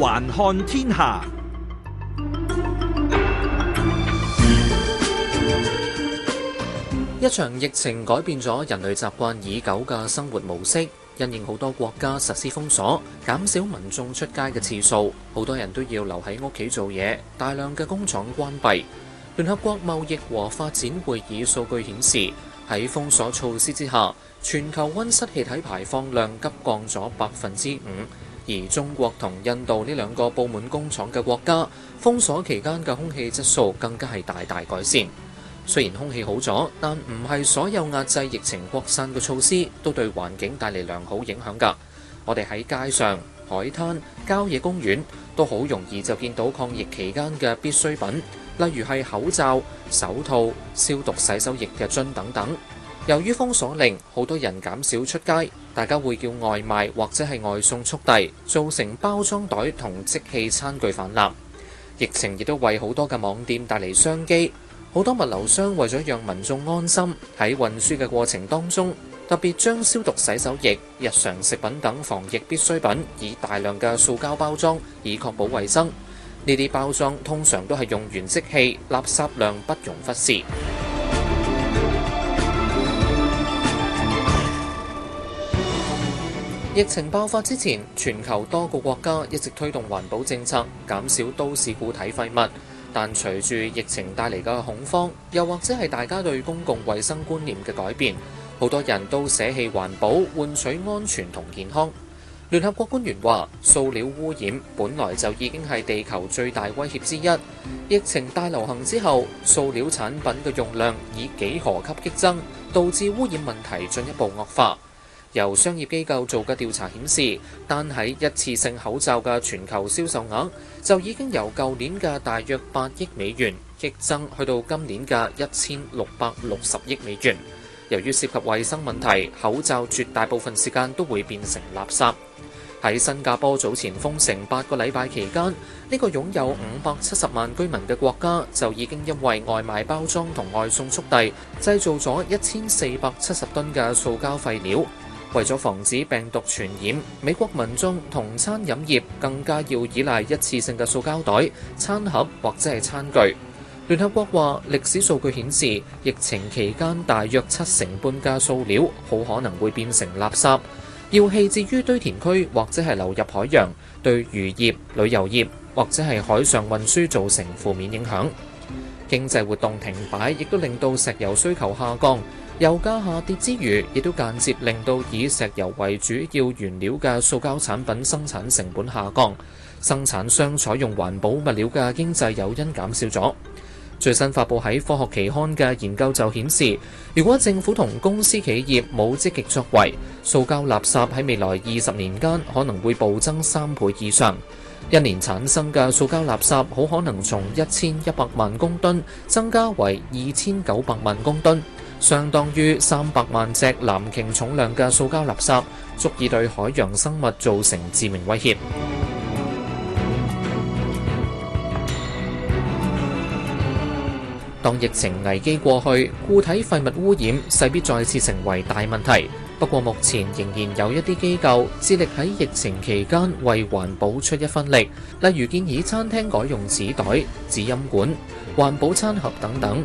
環看天下，一場疫情改變咗人類習慣已久嘅生活模式，因應好多國家實施封鎖，減少民眾出街嘅次數，好多人都要留喺屋企做嘢，大量嘅工廠關閉。聯合國貿易和發展會議數據顯示，喺封鎖措施之下，全球温室氣體排放量急降咗百分之五。而中國同印度呢兩個佈滿工廠嘅國家，封鎖期間嘅空氣質素更加係大大改善。雖然空氣好咗，但唔係所有壓制疫情擴散嘅措施都對環境帶嚟良好影響㗎。我哋喺街上、海灘、郊野公園都好容易就見到抗疫期間嘅必需品，例如係口罩、手套、消毒洗手液嘅樽等等。由於封鎖令，好多人減少出街，大家會叫外賣或者係外送速遞，造成包裝袋同即棄餐具氾濫。疫情亦都為好多嘅網店帶嚟商機，好多物流商為咗讓民眾安心喺運輸嘅過程當中，特別將消毒洗手液、日常食品等防疫必需品以大量嘅塑膠包裝，以確保衛生。呢啲包裝通常都係用完即棄，垃圾量不容忽視。疫情爆發之前，全球多個國家一直推動環保政策，減少都市固體廢物。但隨住疫情帶嚟嘅恐慌，又或者係大家對公共衛生觀念嘅改變，好多人都捨棄環保，換取安全同健康。聯合國官員話，塑料污染本來就已經係地球最大威脅之一。疫情大流行之後，塑料產品嘅用量以幾何級激增，導致污染問題進一步惡化。由商業機構做嘅調查顯示，單喺一次性口罩嘅全球銷售額就已經由舊年嘅大約八億美元，激增去到今年嘅一千六百六十億美元。由於涉及衞生問題，口罩絕大部分時間都會變成垃圾。喺新加坡早前封城八個禮拜期間，呢個擁有五百七十萬居民嘅國家，就已經因為外賣包裝同外送速遞，製造咗一千四百七十噸嘅塑膠廢料。為咗防止病毒傳染，美國民眾同餐飲業更加要依賴一次性嘅塑膠袋、餐盒或者係餐具。聯合國話，歷史數據顯示，疫情期間大約七成半嘅塑料好可能會變成垃圾，要棄置於堆填區或者係流入海洋，對漁業、旅遊業或者係海上運輸造成負面影響。經濟活動停擺亦都令到石油需求下降。油價下跌之餘，亦都間接令到以石油為主要原料嘅塑膠產品生產成本下降，生產商採用環保物料嘅經濟誘因減少咗。最新發布喺《科學期刊》嘅研究就顯示，如果政府同公司企業冇積極作為，塑膠垃圾喺未來二十年間可能會暴增三倍以上，一年產生嘅塑膠垃圾好可能從一千一百萬公噸增加為二千九百萬公噸。相當於三百萬隻藍鯨重量嘅塑膠垃圾，足以對海洋生物造成致命威脅。當疫情危機過去，固體廢物污染勢必再次成為大問題。不過，目前仍然有一啲機構致力喺疫情期間為環保出一分力，例如建議餐廳改用紙袋、紙飲管、環保餐盒等等。